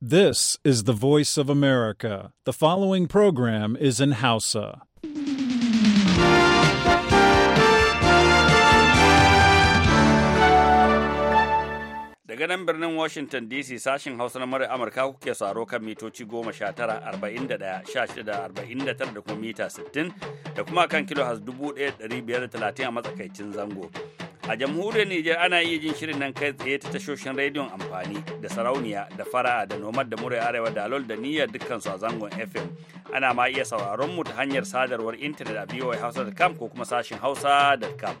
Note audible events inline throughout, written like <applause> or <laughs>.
This is the voice of America. The following program is in Hausa. Daga nan birnin Washington DC sashin Hausa na mara Amurka kuke saro kan mitoci 19,41,16,49 da kuma mita 60 da kuma kan kilo 1,530 a matsakaicin zango. A jamhuriyar Nijar ana iya jin shirin nan kai tsaye ta tashoshin rediyon amfani da sarauniya da fara'a da nomad da murai arewa da alol da niyyar su a zangon FM. Ana ma iya sauraron mu ta hanyar sadarwar intanet a voahausa.com ko kuma sashin hausa.com.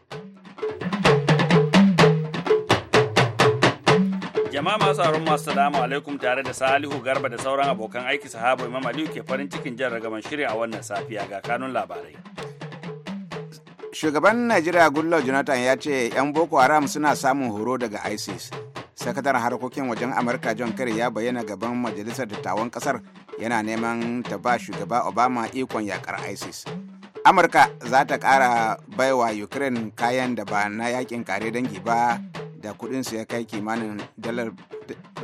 Jama'a masu sauraron masu salamu alaikum tare da Salihu Garba da sauran abokan aiki sahabu Imam Aliyu ke farin cikin jan ragaman shirya a wannan safiya ga kanun labarai. shugaban najeriya gullo jonathan ya ce 'yan boko haram suna samun horo daga isis sakataren harkokin wajen amurka john kerry ya bayyana gaban majalisar dattawan kasar yana neman ta ba shugaba obama ikon yakar isis amurka za ta kara baiwa ukraine kayan da ba na yakin kare dangi ba da su ya kai kimanin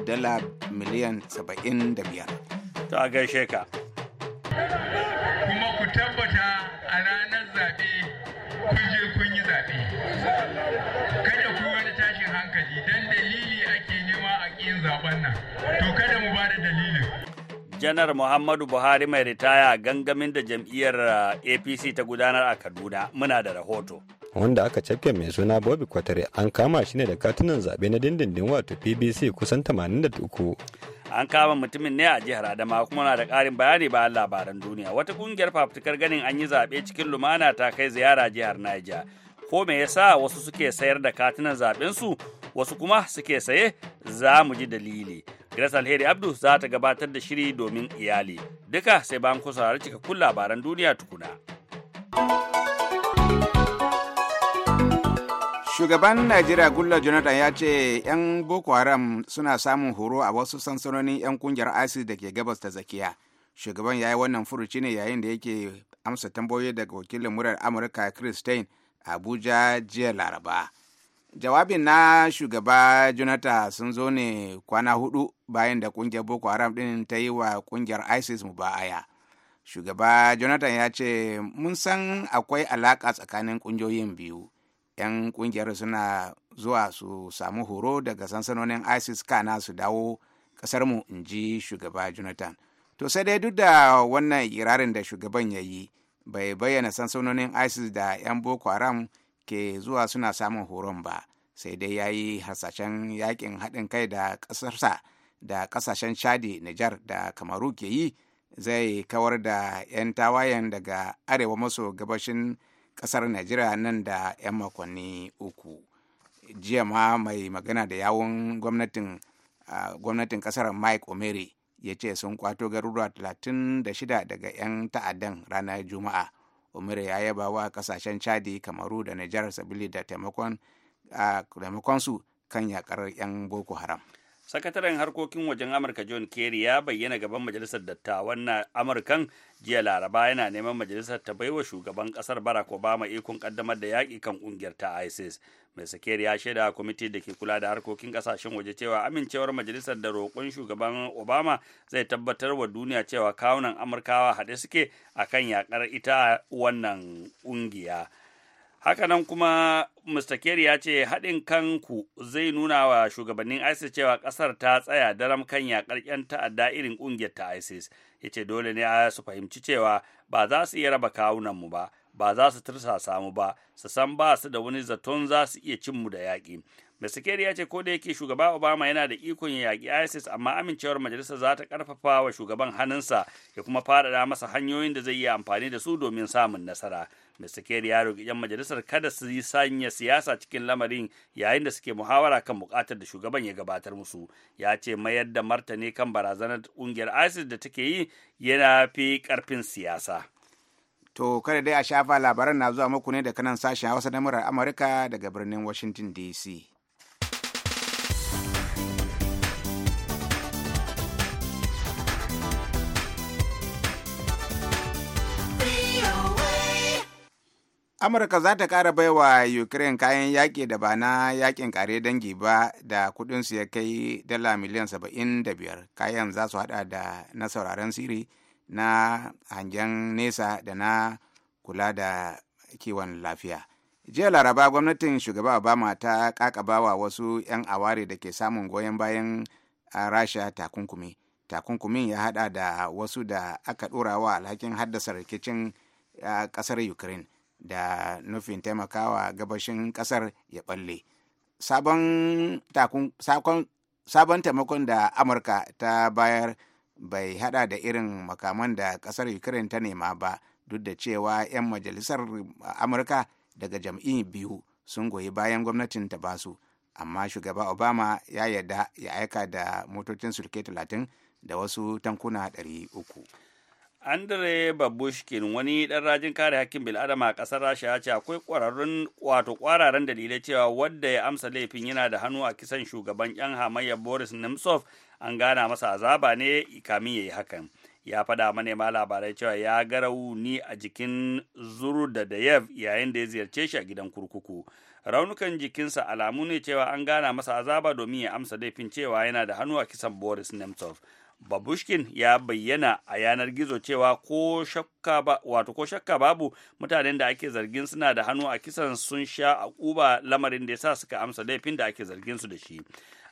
dala miliyan 75 ta gaishe ka janar muhammadu buhari mai ritaya gangamin da jam'iyyar uh, apc ta gudanar a kaduna muna da rahoto wanda aka cafke mai suna Bobby Kwatare an kama shi ne da katunan zaɓe na dindindin wato PBC kusan 83. An kama mutumin ne a jihar Adama kuma na da ƙarin bayani bayan labaran duniya. Wata ƙungiyar fafutukar ganin an yi zaɓe cikin lumana ta kai ziyara jihar Niger. Ko me yasa wasu suke sayar da katunan zaɓensu wasu kuma suke saye za mu ji dalili. Grace Alheri Abdu za ta gabatar da shiri domin iyali. Duka sai bayan ku saurari cikakkun labaran duniya tukuna. Shugaban Najeriya Gullo Jonathan ya ce 'yan Boko Haram suna samun horo a wasu sansanonin 'yan kungiyar ISIS da ke gabas ta zakiya Shugaban ya yi wannan furuci ne yayin da yake amsa tambayoyi daga wakilin murar Amurka Christine Abuja jiya Laraba. jawabin na shugaba jonathan sun zo ne kwana hudu bayan da kungiyar boko haram din ta yi wa kungiyar isis mu mubaya shugaba jonathan ya ce mun san akwai alaka tsakanin kungiyoyin biyu 'yan kungiyar suna zuwa su samu horo daga sansanonin isis kana su dawo kasarmu in ji shugaba jonathan to sai dai duk da wannan irarin da shugaban ya yi bai bayyana sansanonin isis da 'yan boko haram ke zuwa suna samun horon ba sai dai ya yi hasashen yakin haɗin kai da ƙasarsa da ƙasashen chadi nijar da kamaru ke yi zai kawar da 'yan tawayen daga arewa maso gabashin ƙasar najeriya nan da 'yan makonni uku jiya ma mai magana da yawon gwamnatin ƙasar mike omeri ya ce sun kwato garuruwa 36 daga 'yan ta'addan ranar juma'a umar ya yaba wa kasashen chadi kamaru da nijar sabili da taimakon su kan yakar 'yan boko haram sakataren harkokin wajen amurka john kerry ya bayyana gaban majalisar dattawan na amurkan jiya laraba yana neman majalisar ta baiwa shugaban kasar barack obama ikon kaddamar da yaƙi kan ƙungiyar ta isis mai sakeri ya shaida kwamiti da ke kula da harkokin kasashen waje cewa amincewar majalisar da roƙon shugaban obama zai tabbatar wa duniya cewa kawunan amurkawa haɗe suke akan yaƙar ita wannan ƙungiya. Hakanan kuma Mr. Kerry ya ce haɗin kanku zai nuna wa shugabannin ISIS cewa ƙasar ta tsaya daram kan yaƙar ƙarƙen ta'adda irin ƙungiyar ta ISIS. Ya ce dole ne a su fahimci cewa ba za su iya raba kawunanmu ba, ba za su tursasa mu ba, su san ba su da wani zaton za su iya cin mu da yaƙi. Messikeri ya ce ko da yake shugaba Obama yana da ikon ya yaƙi ISIS amma amincewar majalisar za ta ƙarfafa wa shugaban hannunsa ya kuma fara faɗaɗa masa hanyoyin da zai yi amfani da su domin samun nasara. Messikeri ya roƙi 'yan majalisar kada su yi sanya siyasa cikin lamarin yayin da suke muhawara kan buƙatar da shugaban ya gabatar musu. Ya ce mayar da martani kan barazanar ƙungiyar ISIS da take yi yana fi ƙarfin siyasa. To kada dai a shafa labaran na zuwa muku ne da kanan sashen Hausa na murar Amurka daga birnin Washington DC. Amurka za ta ƙara baiwa Ukraine kayan yaƙi da ba na yaƙin ƙare dangi ba da su ya kai dala miliyan saba'in da biyar. Kayan za su haɗa da na sauraren siri na hangen nesa da na kula da kiwon lafiya. Jiya Laraba gwamnatin shugaba Obama ta ƙaƙabawa wasu 'yan aware da ke samun goyon bayan Rasha takunkumi. Takunkumin ya haɗa da wasu da aka ɗora wa alhakin haddasa rikicin ƙasar Ukraine. da nufin taimakawa gabashin kasar ya balle sabon taimakon da amurka ta bayar bai hada da irin makaman da kasar ukraine ta nema ba duk da cewa 'yan majalisar amurka daga jam'i biyu sun goyi bayan gwamnatin ta basu amma shugaba obama ya yarda ya aika da motocin sulke 30 da wasu tankuna 300 andre babushkin wani ɗan rajin kare hakkin bil'adama a ƙasar rasha ya ce akwai ƙwararrun wato ƙwararren dalilai cewa wadda ya amsa laifin yana da hannu a kisan shugaban yan hamayya boris nemtsov an gana masa azaba ne kamin ya yi hakan ya faɗa manema labarai cewa ya ga rauni a jikin zuru da dayev yayin da ya ziyarce shi a gidan kurkuku raunukan jikinsa alamu ne cewa an gana masa azaba domin ya amsa laifin cewa yana da hannu a kisan boris nemtsov babushkin ya bayyana a yanar gizo cewa ko shakka ba wato ko shakka babu mutanen da ake zargin suna da hannu a kisan sun sha a kuba lamarin da ya sa suka amsa laifin da ake zargin su da shi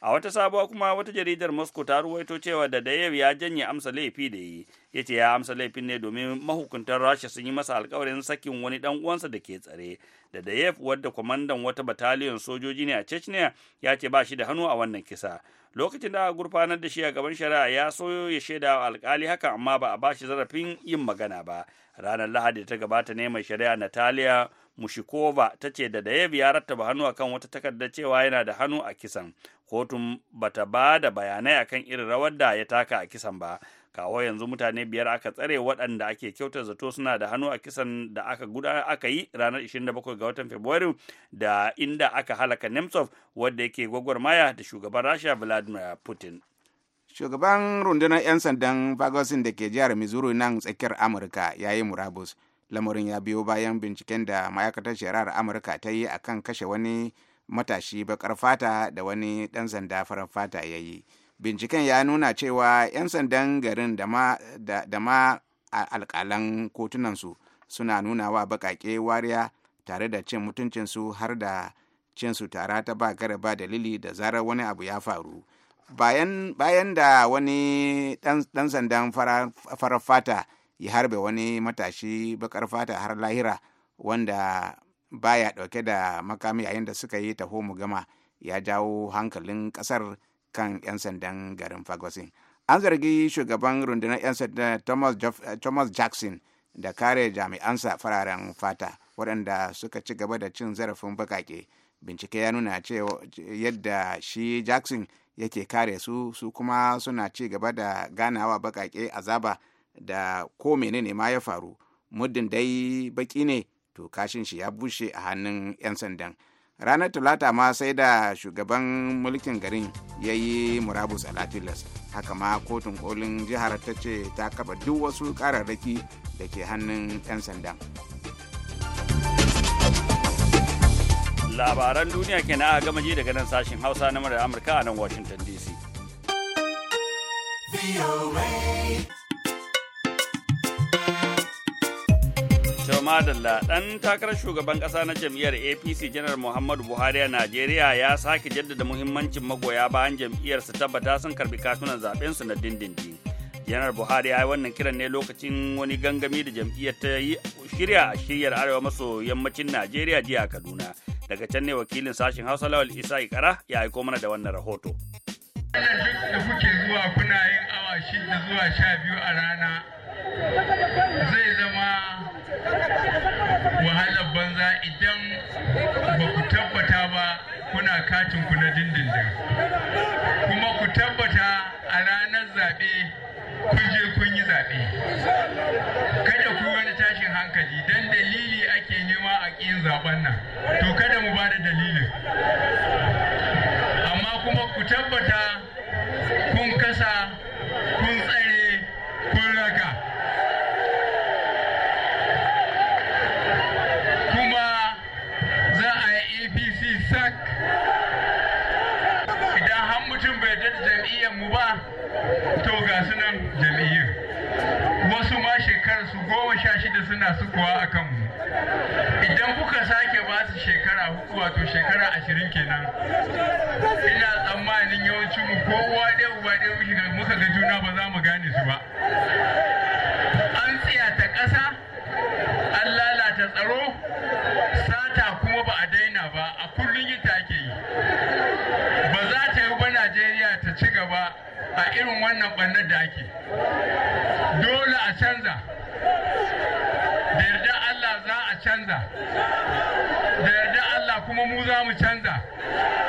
a wata sabuwa kuma wata jaridar moscow ta ruwaito cewa da dayev ya janye amsa laifi da yi ya ce ya amsa laifin ne domin mahukuntar rasha sun yi masa alkawarin sakin wani dan uwansa da ke tsare da dayev wadda kwamandan wata bataliyon sojoji ne a chechnya ya ce ba shi da hannu a wannan kisa lokacin da aka gurfanar da shi a gaban shari'a ya soyo ya shaida wa alkali haka amma ba a bashi zarafin yin magana ba ranar lahadi ta gabata ne mai shari'a natalia mushikova ta ce da dayev ya rattaba hannu akan wata takardar cewa yana da hannu a kisan kotun bata ba da bayanai akan irin rawar da ya taka a kisan ba kawo yanzu mutane biyar aka tsare waɗanda ake kyauta zato suna da hannu a kisan da aka guda aka yi ranar 27 ga watan Fabrairu da inda aka halaka Nemtsov wadda yake gwagwarmaya da shugaban Rasha Vladimir Putin. Shugaban rundunar 'yan sandan Ferguson da ke jihar Missouri nan tsakiyar Amurka ya yi murabus. lamarin ya biyo bayan binciken da ma'aikatar shari'ar amurka ta yi akan kashe wani matashi bakar fata da wani ɗan sanda farar fata ya yi binciken ya nuna cewa 'yan sandan garin da ma, da, alƙalan kotunansu suna nuna wa baƙaƙe wariya tare da cin mutuncinsu har da cinsu tara ta ba gara ba dalili da zarar wani abu ya faru bayan, da wani ɗan sandan farar fata ya harbe wani matashi bakar fata har lahira wanda baya dauke da makami yayin da suka yi taho mu gama ya jawo hankalin kasar kan 'yan sandan garin Ferguson. An zargi shugaban rundunar 'yan sandan eh, Thomas Jackson da kare jami'ansa fararen fata waɗanda suka ci gaba da cin zarafin bakake. Bincike ya nuna cewa yadda shi Jackson yake kare su su kuma suna ci gaba da ganawa bakake azaba. da ko menene ma ya faru muddin dai baki ne to kashin shi ya bushe a hannun 'yan sandan ranar talata ma sai da shugaban mulkin garin ya yi murabus a latilas haka ma kotun kolin jihar ta ce ta kaba duk wasu kararraki da ke hannun 'yan sandan labaran duniya ke a gama ji daga nan sashen hausa na murar amurka a nan washington dc da ladan takarar shugaban kasa na jam'iyyar apc janar muhammadu buhari a najeriya ya sake jaddada muhimmancin magoya bayan jam'iyyar jam'iyyarsa tabbata sun karbi katunan su na dindindin janar buhari ya yi wannan kiran ne lokacin wani gangami da jam'iyyar ta yi shirya a shiryar arewa maso yammacin najeriya jiya kaduna daga can ne wakilin sashen hausa lawal isa ikara ya aiko mana da wannan rahoto da zuwa kuna yin awa shida zuwa sha biyu a rana zai zama idan ba ku tabbata ba kuna katin ku na dindindin kuma ku tabbata a ranar zaɓe kun je kun yi zaɓe kada ku wani tashin hankali don dalili ake nema a ƙin zaɓen nan to kada mu ba da dalilin amma kuma ku tabbata kun kasa danna sukuwa a kanmu idan kuka sake ba su shekara hudu wato shekara ashirin kenan ina tsammanin yawancin mu kowa ɗaya uba ɗaya muka ga juna ba za mu gane su ba kuma mu za mu canza.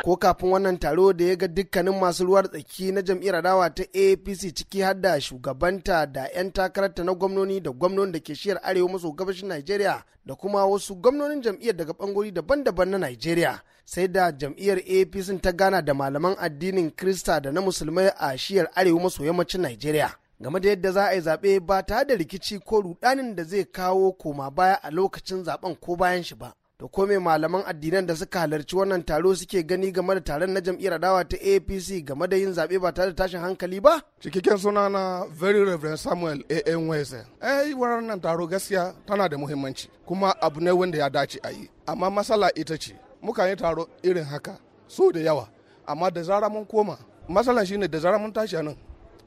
Ko kafin wannan taro da ya ga dukkanin masu ruwar tsaki na jam'iyyar adawa ta APC ciki har da shugabanta da 'yan takararta na gwamnoni da gwamnoni da ke shiyar arewa maso gabashin Najeriya da kuma wasu gwamnonin jam'iyyar daga bangori daban-daban na Najeriya. Sai da jam'iyyar APC ta gana da malaman addinin Krista da na musulmai a shiyar arewa maso yammacin Najeriya. game da yadda za a yi zaɓe ba tare da rikici ko rudanin da zai kawo koma baya a lokacin zaɓen ko bayan shi ba. to ko me malaman addinan da suka halarci wannan taro suke gani game da taron na jam'iyyar adawa ta apc game da yin zaɓe ba tare da tashin hankali ba cikakken suna na very reverend samuel a n eh wannan taro gaskiya tana da muhimmanci kuma abu ne wanda ya dace a yi amma matsala ita ce muka yi taro irin haka so da yawa amma da zara mun koma matsalan shine da zara mun tashi nan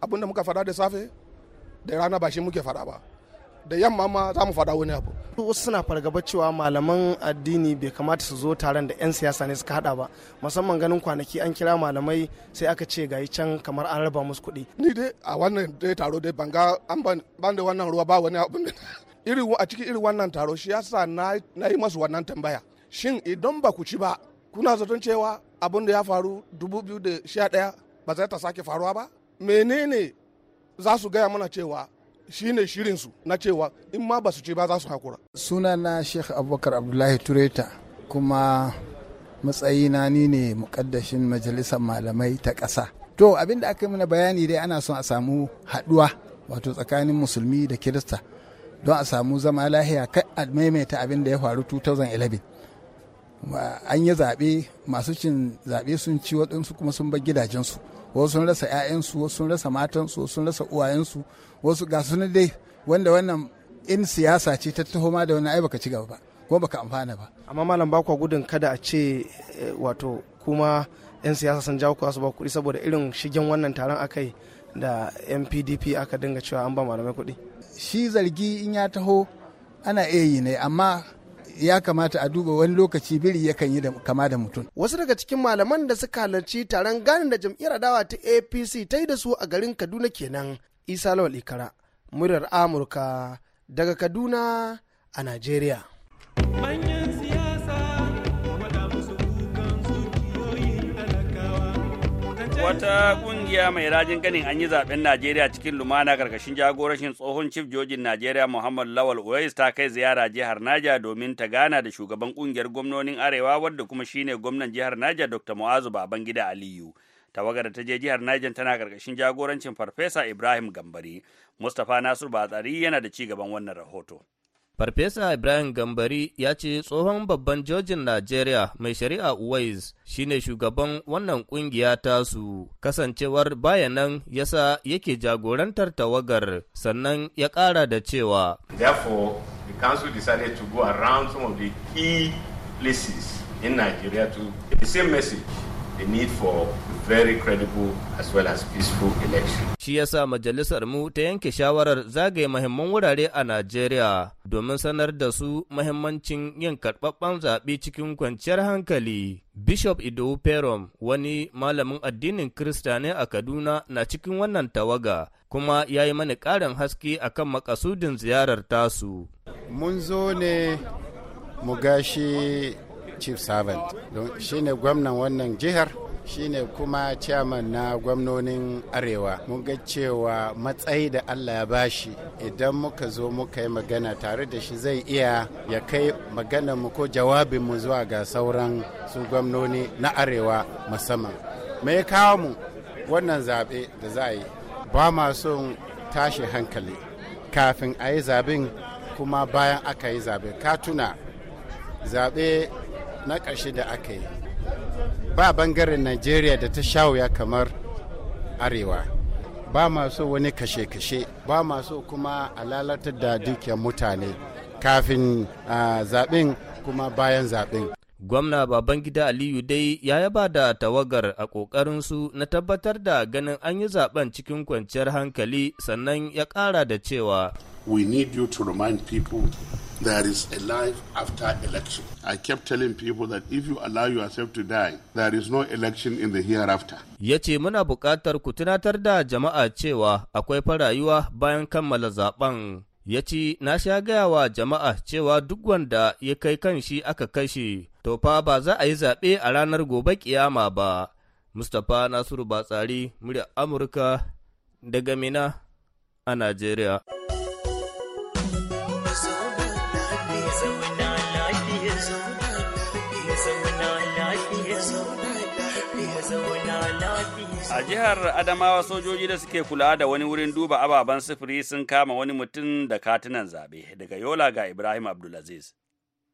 abinda muka faɗa da safe da rana ba shi muke faɗa ba da yamma ma za mu faɗa wani abu wasu suna fargaba cewa malaman addini bai kamata su zo taron da 'yan siyasa ne suka hada ba musamman ganin kwanaki an kira malamai sai aka ce gayi can kamar an raba musu kuɗi ni dai a wannan dai taro dai banga an ban da wannan ruwa ba wani abu <laughs> irin a cikin irin wannan taro shi ya sa na yi masu wannan tambaya shin idan ba ku ci ba kuna zaton cewa abin da ya faru 2011 ba zai ta sake faruwa ba menene za su gaya mana cewa shi shine shirinsu na cewa in ma ba su ce ba za su hakura. na sheikh abubakar abdullahi tureta kuma matsayina ni ne mukaddashin majalisar malamai ta ƙasa to abin da aka yi mana bayani dai ana son a samu haɗuwa wato tsakanin musulmi da kirista don a samu zama lahiya kai a maimaita abin da ya faru 2011 an yi zaɓe masu cin zaɓe sun ci waɗansu kuma sun bar gidajensu wasu sun rasa 'ya'yansu wasu sun rasa matansu wasu sun rasa uwayensu wasu ga su dai wanda wannan in siyasa ce ta taho ma da wani ai baka ci gaba ba kuma baka amfana ba amma malam ba gudun kada a ce eh, wato kuma 'yan siyasa sun jawo kuwa su ba kuɗi saboda irin shigen wannan taron akai da mpdp aka dinga cewa an ba malamai kuɗi shi zargi in ya taho ana iya yi ne amma ya kamata a duba wani lokaci biri ya kan yi kama da mutum. Wasu daga cikin malaman da suka halarci taron ganin da jam'iyyar adawa ta APC ta yi da su a garin Kaduna kenan. Isa Lawal Ikara, muryar Amurka daga Kaduna a Najeriya. Wata kungiya mai rajin ganin an yi zaben Najeriya cikin lumana karkashin jagorashin tsohon Chief Jojin Najeriya Muhammad Lawal Uwais ta kai ziyara jihar Naja domin ta gana da shugaban kungiyar gwamnonin Arewa wadda kuma shine gwamnan jihar Naja Dr. Mu'azu Babangida Aliyu. tawagar ta je jihar Niger tana karkashin jagorancin Farfesa Ibrahim Gambari. Mustapha Nasiru Batsari yana da ci gaban wannan rahoto. Farfesa Ibrahim Gambari ya ce tsohon babban jojin Najeriya mai shari'a Uwais shine shugaban wannan kungiya tasu kasancewar bayanan yasa yake jagorantar tawagar sannan ya ƙara da cewa. Therefore, the council decided to go around some of the key places in Nigeria to the same message, the need for very credible as well as peaceful election. Shi yasa majalisar mu ta yanke shawarar zagaye mahimman wurare a Najeriya domin sanar da su mahimmancin yin karɓaɓɓen zaɓe cikin kwanciyar hankali. Bishop Ido Perom wani malamin addinin Kirista ne a Kaduna na cikin wannan tawaga kuma ya yi mani ƙarin haske akan makasudin ziyarar tasu. Mun zo ne mu gashi Chief Servant shi ne gwamnan wannan jihar. shine kuma ciyaman na gwamnonin arewa mun ga cewa matsayi da allah ya bashi idan muka zo muka yi magana tare da shi zai iya ya kai magana mu ko jawabin mu zuwa ga sauran su gwamnoni na arewa musamman me ya kawo mu wannan zaɓe da za a yi ba ma son tashi hankali kafin a yi zaɓen kuma bayan aka yi zaɓe ka tuna zaɓe na ƙarshe da aka yi ba bangaren najeriya da ta sha wuya kamar arewa ba masu wani kashe-kashe ba masu kuma a lalatar da dukiyar mutane kafin zaɓen kuma bayan zaben. gwamna babangida aliyu dai ya yaba da tawagar a ƙoƙarinsu na tabbatar da ganin an yi zaben cikin kwanciyar hankali sannan ya ƙara da cewa we need you to remind people there is a life after election. I kept telling people that if you allow yourself to die, there is no election in the hereafter. Ya ce muna buƙatar ku tunatar da jama'a cewa akwai farayuwa bayan kammala zaben. Ya ce na sha gaya wa jama'a cewa duk wanda ya kai kan shi aka kashe, to fa ba za a yi zaɓe a ranar gobe kiyama ba. Mustapha Nasiru Batsari, murya Amurka daga Mina a Najeriya. A jihar Adamawa sojoji da suke kula da wani wurin duba ababen sufuri sun kama wani mutum da katunan zaɓe daga Yola ga Ibrahim Abdulaziz.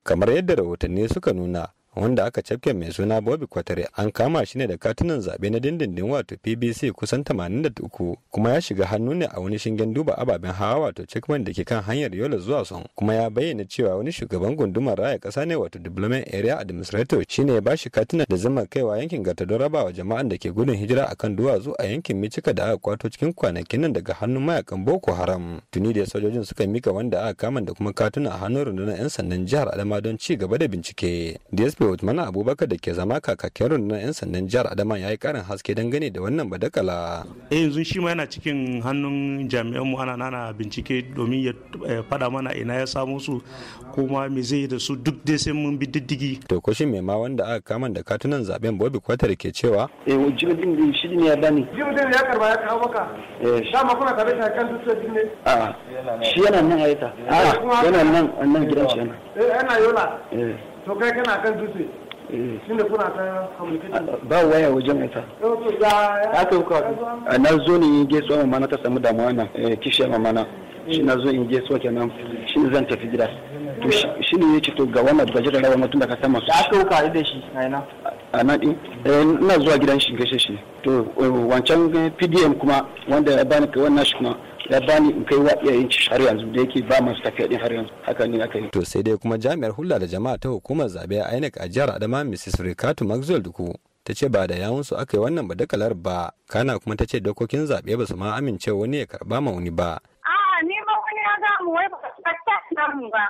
Kamar yadda rahotanni suka nuna, wanda aka cafke mai suna Bobby Kwatare an kama shi ne da katunan zaɓe na dindindin wato PBC kusan 83 kuma ya shiga hannu ne a wani shingen duba ababen hawa wato checkman da ke kan hanyar Yola zuwa Son kuma ya bayyana cewa wani shugaban gundumar raya ƙasa ne wato diplomat Area Administrator shine ya bashi katunan da zama kaiwa yankin Gata don rabawa jama'an da ke gudun hijira akan duwatsu a yankin Micika da aka kwato cikin kwanakin nan daga hannun mayakan Boko Haram tuni da sojojin suka mika wanda aka kama da kuma katunan a hannun rundunar 'yan sandan jihar Adama don ci gaba da bincike. DSP dsp usman abubakar da ke zama kakakin rundunar 'yan sandan jihar adama ya yi karin haske dangane da wannan badakala eh, yanzu shi ma yana cikin hannun jami'an mu ana nana bincike domin ya eh, fada mana ina ya samo su kuma me zai da su duk dai sai mun bi diddigi to ko shi ma wanda aka kama da katunan zaben bobi kwatar ke cewa eh jirgin din shi ne ya bani jirgin ya karba ya kawo maka eh sha ma kuna tare da kan din ne a shi yana nan haita a yana nan nan gidan shi yana eh, yana yola to kai kana kan dutse eh. kuna ta ah, ba waya wajen ita haka yi kawai a na zo ne yin ta samu damuwa na eh, kishiyar mama mana shi eh. na zo in gaisuwa kenan shi zan tafi gida to shi ne ya ce to ga wannan gajiyar rawa mutum da ka sama su aka yi kawai da shi a nan din ina zuwa gidan shi gaishe shi to wancan pdm kuma wanda ya bani kai wannan shi kuma ya bani in kai wa iyayen ci har yanzu da yake ba masu tafiya din har yanzu haka ne aka yi to sai dai kuma jami'ar hulla da jama'a ta hukumar zabe a INEC a jihar Adama Mrs. Rikatu Maxwell Duku ta ce ba da yawunsu aka yi wannan badakalar ba kana kuma ta ce dokokin zaɓe ba su ma amincewa wani ya karɓa ma wani ba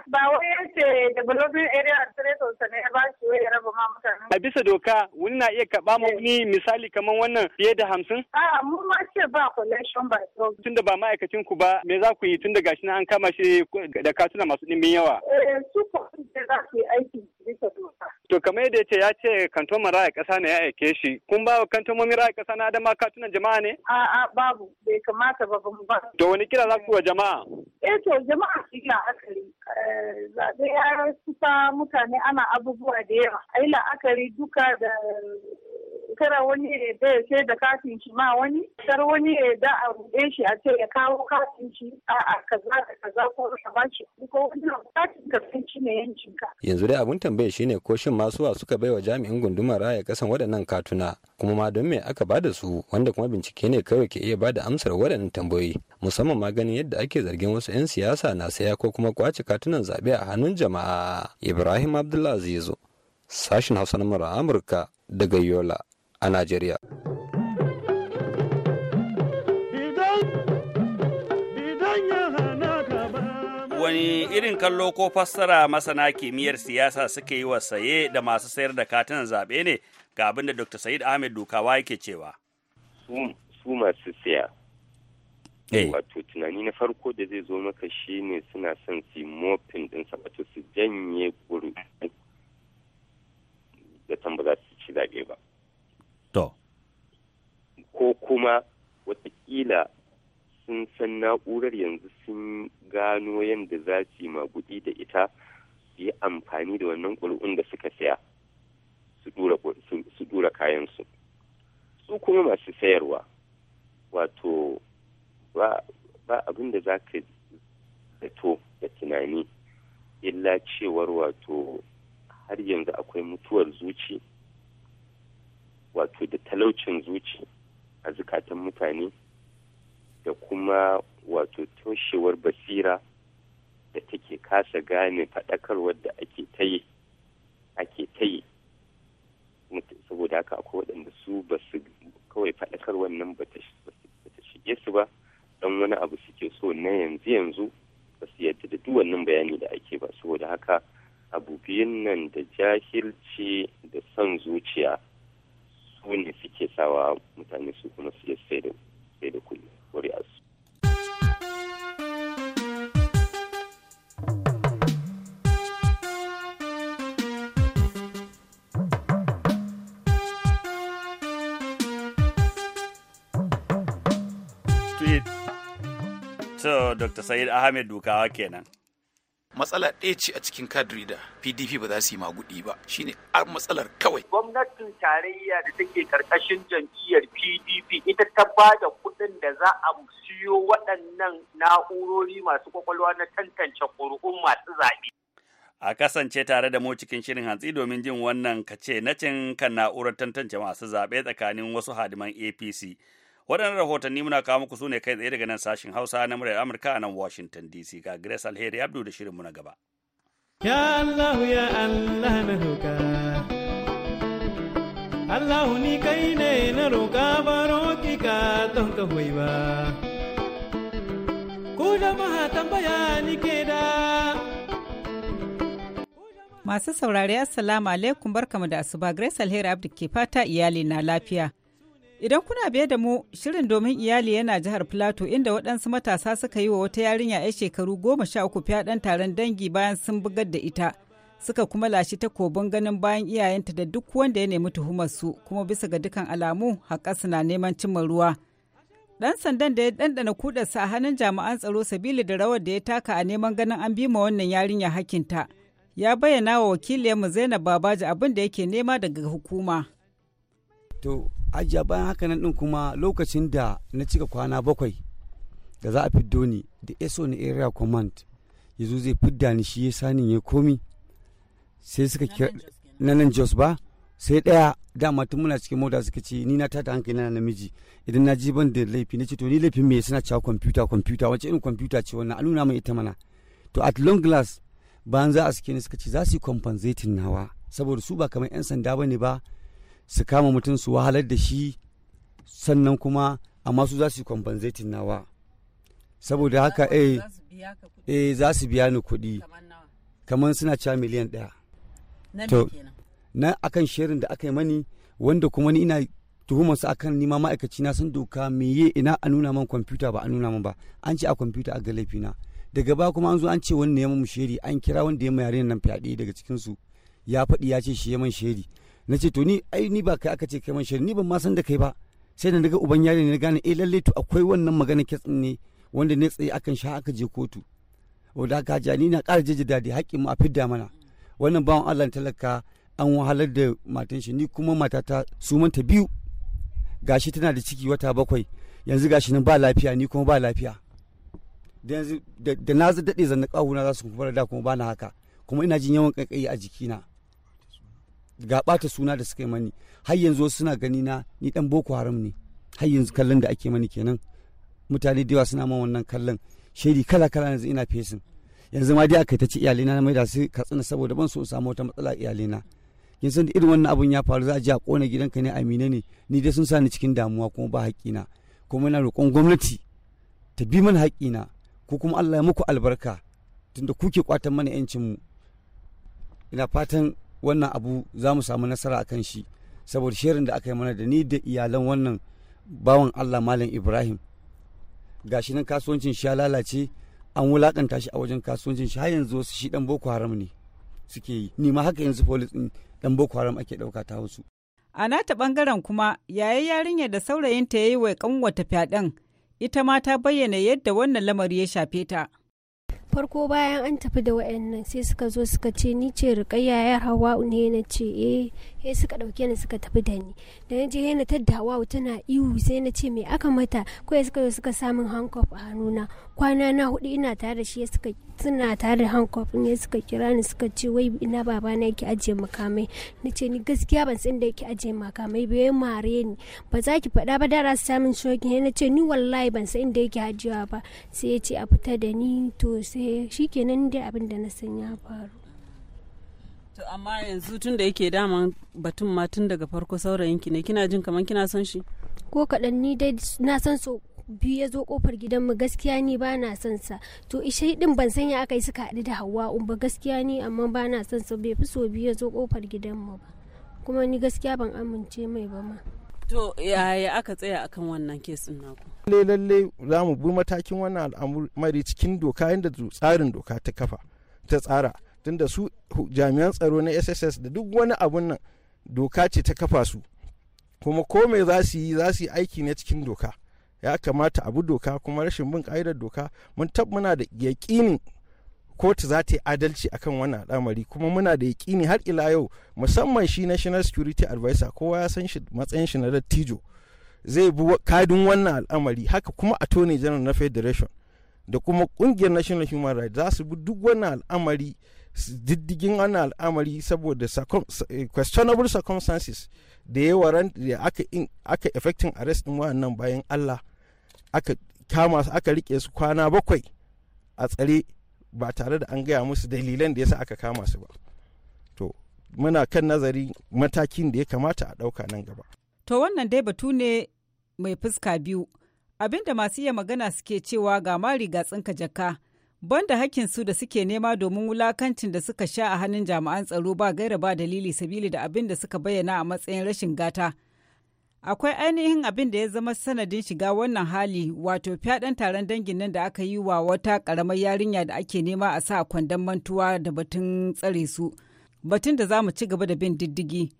ba wai yace development area administrators ne ya ba wai raba ma mutane a bisa doka wani na iya kaba mu ni eh. misali kamar wannan fiye da hamsin a mu ma ce ba collection by drug tunda ba ma'aikacin ku ba me za ku yi tunda gashi na an kama shi da katuna masu ɗimbin yawa eh, su ko za su yi aiki bisa doka To kamar yadda ce ya ce kantomin raya ƙasa ne ya aike shi. Kun ba wa kantomomin raya ƙasa na adama katunan jama'a ne? A'a babu bai kamata ba mu ba. To wani kira za ku wa jama'a? Eh to jama'a su yi hankali Eh, zaɓe ya kusa mutane ana abubuwa da yawa. ai yi la'akari duka da kara wani ya yarda ya sai da kafin shi ma wani kar wani ya yarda a ruɗe shi a ce ya kawo katin shi a a kaza da kaza ko a ba shi ko wannan katin ka san shi ne yancin ka yanzu dai abun tambaye shine ko shin masuwa suka bai wa jami'in gundumar raya kasan waɗannan katuna kuma ma don me aka bada su wanda kuma bincike ne kawai ke iya bada amsar waɗannan tambayoyi musamman ma ganin yadda ake zargin wasu 'yan siyasa na saya ko kuma kwace katunan zaɓe a hannun jama'a ibrahim abdullahi zizo sashin hausa na amurka daga yola a najeriya wani irin kallo ko fassara masana kimiyyar siyasa suke yi wa saye da masu sayar da katunan zaɓe ne ga abin da dr said ahmed dukawa yake cewa su masu siya eh. wato tunani na farko da zai zo maka shi ne suna son su mopin din wato su janye guri da tambaza su ci zaɓe ba To. Ko kuma watakila sun san na'urar yanzu sun gano yadda za su maguɗi da ita su yi amfani da wannan ƙuri'un da suka saya su dura kayansu. Su kuma masu sayarwa, wato ba abin da za ka zato da tunani illa cewar wato har yanzu akwai mutuwar zuci wato da talaucin zuci a zukatan mutane da kuma wato toshewar basira da take kasa gane faɗakarwar da ake ta yi ake ta yi saboda haka akwai waɗanda su ba su kawai faɗakar wannan ba ta shige su ba don wani abu suke so na yanzu yanzu ba su yadda da duk wannan bayani da ake ba saboda haka abu biyun nan da jahilci da son zuciya su ne suke sawa mutane su kuma su sai da sai da kuɗi su. So, Dr. Said Ahmed Dukawa kenan. matsala ɗaya ce a cikin kadrida pdp ba za su yi maguɗi ba shine matsalar kawai Gwamnat gwamnatin tarayya da take karkashin jam'iyyar pdp ita ta ba da kuɗin da za a siyo waɗannan na'urori masu kwakwalwa na tantance ƙuri'un masu zaɓe. a kasance tare da mu cikin shirin hantsi domin jin wannan kace cin kan na'urar tantance masu zaɓe tsakanin wasu hadiman apc waɗannan rahotanni muna kawo muku su ne kai tsaye daga nan sashin hausa na muryar amurka a nan washington dc ga grace alheri abdu da shirin mu na gaba ya allah ya allah na roka Allah ni kai ne na roƙa baro ki ka don ka hoyi ba. Ku jama'a tambaya ni ke da. Masu saurari Assalamu alaikum barkamu da asuba Grace Alheri Abdi ke fata iyali na lafiya. Idan kuna biye da mu shirin domin iyali yana jihar Plateau inda waɗansu matasa suka yi wa wata yarinya 'yar shekaru goma sha uku fyaɗen taron dangi bayan sun bugar da ita. suka kuma lashe takobin ganin bayan iyayenta da duk wanda ya nemi tuhumarsu kuma bisa ga dukan alamu haƙasa na neman cimma ruwa. Ɗan sandan da ya ɗanɗana kudarsa a hannun jami'an tsaro sabili da rawar da ya taka a neman ganin an bi ma wannan yarinya hakinta. Ya bayyana wa wakiliyarmu Zainab Babaji abin da yake nema daga hukuma. To, ajiya bayan haka nan ɗin kuma lokacin da na cika kwana bakwai da za a fiddo ni da eso na Area Command ya zai fidda ni shi ya sanin ya komi. sai suka kira na nan jos ba sai daya dama tun muna cikin mota suka ce ni na tata hankali na namiji idan na ji ban da laifi na ce to ni laifin me suna cewa kwamfuta kwamfuta wace irin kwamfuta ce wannan a nuna mai ita mana to at long glass bayan za a suke ni suka ce za su yi compensating nawa saboda su ba kamar yan sanda bane ba su kama mutum su wahalar da shi sannan kuma amma su za su yi compensating nawa saboda haka eh, eh za su biya ni kuɗi kamar suna cewa miliyan ɗaya to na akan shirin da aka yi mani wanda kuma ni ina tuhumar su akan nima ma'aikaci na san doka meye ina a nuna man kwamfuta ba a nuna man ba an ce a kwamfuta a ga na daga ba kuma an zo an ce wani ya mu sheri an kira wanda ya ma nan fyaɗe daga cikin su ya faɗi ya ce shi ya man sheri na ce to ni ai ni ba kai aka ce kai man sheri ni ban ma san da kai ba sai da daga uban yare ne gane eh lalle to akwai wannan magana kitsin ne wanda ne tsaye akan sha aka je kotu wanda haka jani na ƙara jaji daɗi haƙƙin mu a fidda mana wannan bawan allah talaka an wahalar da matan shi ni kuma matata su manta biyu gashi tana da ciki wata bakwai yanzu gashi nan ba lafiya ni kuma ba lafiya da yanzu da na daɗe zanna ƙahuna za su kuma da kuma ba na haka kuma ina jin yawan ƙaiƙayi a jikina ga ɓata suna da suka yi mani har yanzu suna gani na ni dan boko haram ne har yanzu kallon da ake mani kenan mutane da yawa suna man wannan kallon shaidi kala kala yanzu ina fesin yanzu ma dai aka ta ci iyalina na maida su katsina saboda ban so in samu wata matsala iyalina kin san irin wannan abun ya faru za a je a kona gidanka ne amine ne ni dai sun sa ni cikin damuwa kuma ba haƙƙina kuma ina roƙon gwamnati ta bi mana na ko kuma Allah ya muku albarka tunda kuke kwatan mana yancin mu ina fatan wannan abu za mu samu nasara a kan shi saboda shirin da aka yi mana da ni da iyalan wannan bawan Allah Malam Ibrahim gashi nan kasuwancin shi ya lalace an wulakanta shi a wajen kasuwancin shi har yanzu wasu shi dan boko haram ne suke yi ni ma haka yanzu police ɗin dan boko haram ake ɗauka ta wasu a nata bangaren kuma yayi yarinyar da saurayinta yi wa kanwata fyaɗen ita ma ta bayyana yadda wannan lamari ya shafe ta farko bayan an tafi da waɗannan sai suka zo suka ce ni ce rikayya ya hawa ne na ce eh he suka dauke ni suka tafi da ni da na je yana taddawa tana ihu sai na ce mai aka mata ko suka zo suka samun hankof a hannuna kwana na hudu ina tare da shi suka suna tare da hankof ya suka kira ni suka ce wai ina baba na yake ajiye makamai na ce ni gaskiya ban san da yake ajiye makamai ba ya mare ni ba za ki faɗa ba da su samun shokin na ce ni wallahi ban san inda yake ajiyewa ba sai ya ce a fita da ni to sai shikenan dai abin da na san ya faru To amma yanzu tun da yake daman batun ma tun daga farko saurayinki ne kina jin kamar kina son shi? Ko kaɗan ni dai na san so biyu ya zo kofar gidanmu gaskiya ni ba na son sa to ishe din ban san ya aka yi suka haɗu da hawa un ba gaskiya ni amma ba na son sa bai fi so biyu ya zo kofar gidanmu ba kuma ni gaskiya ban amince mai ba ma to yaya aka tsaya akan wannan kesin naku lalle lalle za mu bi matakin wannan al'amari cikin doka yadda tsarin doka ta kafa ta tsara tunda su jami'an tsaro na sss da duk wani abun nan doka ce ta kafa su kuma ko me za su yi za su yi aiki ne cikin doka ya kamata abu doka kuma rashin bin ka'idar doka mun tab muna da yaƙinin kotu za ta yi adalci akan wannan al'amari kuma muna da yaƙini har ila yau musamman shi national security advisor kowa ya san shi matsayin shi na dattijo zai bi kadin wannan al'amari haka kuma a toni general na federation da kuma kungiyar national human rights za su bi duk wannan al'amari diddigin wannan al'amari saboda eh, questionable circumstances da ya warrant da aka aka effecting arrest din wannan bayan Allah aka kama su aka rike su kwana bakwai a tsare ba tare da an gaya musu dalilan da yasa aka kama su ba to muna kan nazari matakin da ya kamata a ɗauka nan gaba to wannan dai batu ne mai fuska biyu abinda masu iya magana suke cewa ga mari ga tsinka jaka banda su da suke nema domin wulakancin da suka sha a hannun jami'an tsaro ba gaira ba dalili sabili da abin da suka bayyana a matsayin rashin gata. Akwai ainihin abin da ya zama sanadin shiga wannan hali wato fyaɗen taron dangin nan da aka yi wa wata ƙaramar yarinya da ake nema a sa kwandon mantuwa da batun tsare su. Batun da za mu ci gaba da bin diddigi.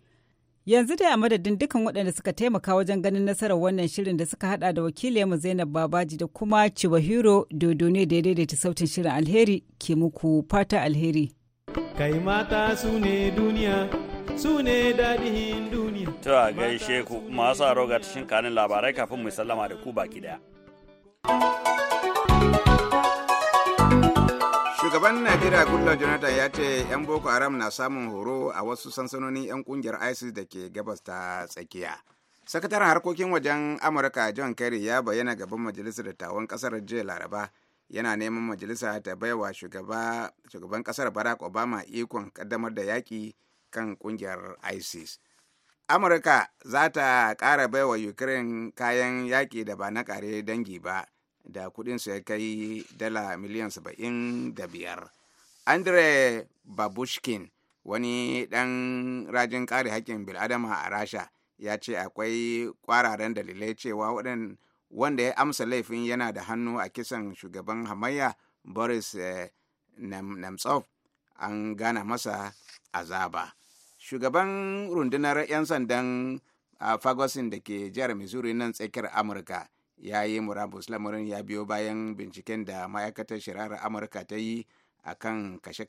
Yanzu dai a madadin dukkan waɗanda suka taimaka wajen ganin nasarar wannan shirin da suka hada da mu Zainab Babaji da kuma Chibahiro Dodo ne da ya daidaita sautin shirin alheri ke muku fata alheri. Kai mata su ne duniya, su ne daɗin duniya. To a gaishe ku masu aro ga tashin kanin labarai kafin mu sallama da ku baki daya. shugaban najeriya gullon jonathan ya ce 'yan boko haram na samun horo a wasu sansanoni 'yan kungiyar isis da ke gabas ta tsakiya sakataren harkokin wajen amurka john kerry ya bayyana gaban majalisar dattawan kasar jiya laraba yana neman majalisa ta baiwa shugaban kasar barack obama ikon kaddamar da yaƙi kan kungiyar isis amurka za ta kara baiwa ukraine kayan yaƙi da ba na kare dangi ba da kudinsu ya kai dala miliyan saba'in da biyar andre babushkin wani ɗan rajin kare haƙƙin bil'adama a rasha ya ce akwai ƙwararen dalilai cewa wanda ya amsa laifin yana da hannu a kisan shugaban hamayya boris eh, nemtsov an gana masa azaba shugaban rundunar 'yan sandan a da ke jihar missouri nan tsakiyar amurka ya yi murabus lamarin ya biyo bayan binciken da ma'aikatar shirarar amurka ta yi a kan kashe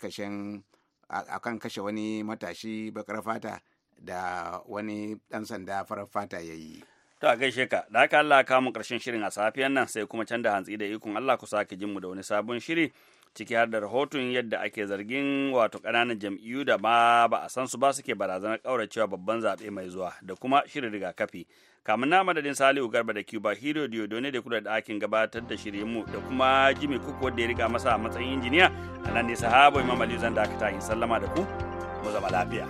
wani matashi bakar fata da wani dan sanda farar fata ya yi to a gaishe ka da aka Allah kamun karshen shirin a safiyan nan sai kuma canza hantsi da ikon Allah ku sake jin mu da wani sabon shiri ciki har da rahoton yadda ake zargin wato ƙananan jam'iyyu da ma ba a san su ba suke barazanar ƙauracewa babban zaɓe mai zuwa da kuma shirin rigakafi kamun na madadin salihu garba da cuba hero diodone da kula da ɗakin gabatar da shirin mu da kuma jimmy cook wadda ya riga masa a matsayin injiniya a nan ne sahabo imam aliyu zan dakata in sallama da ku mu zama lafiya.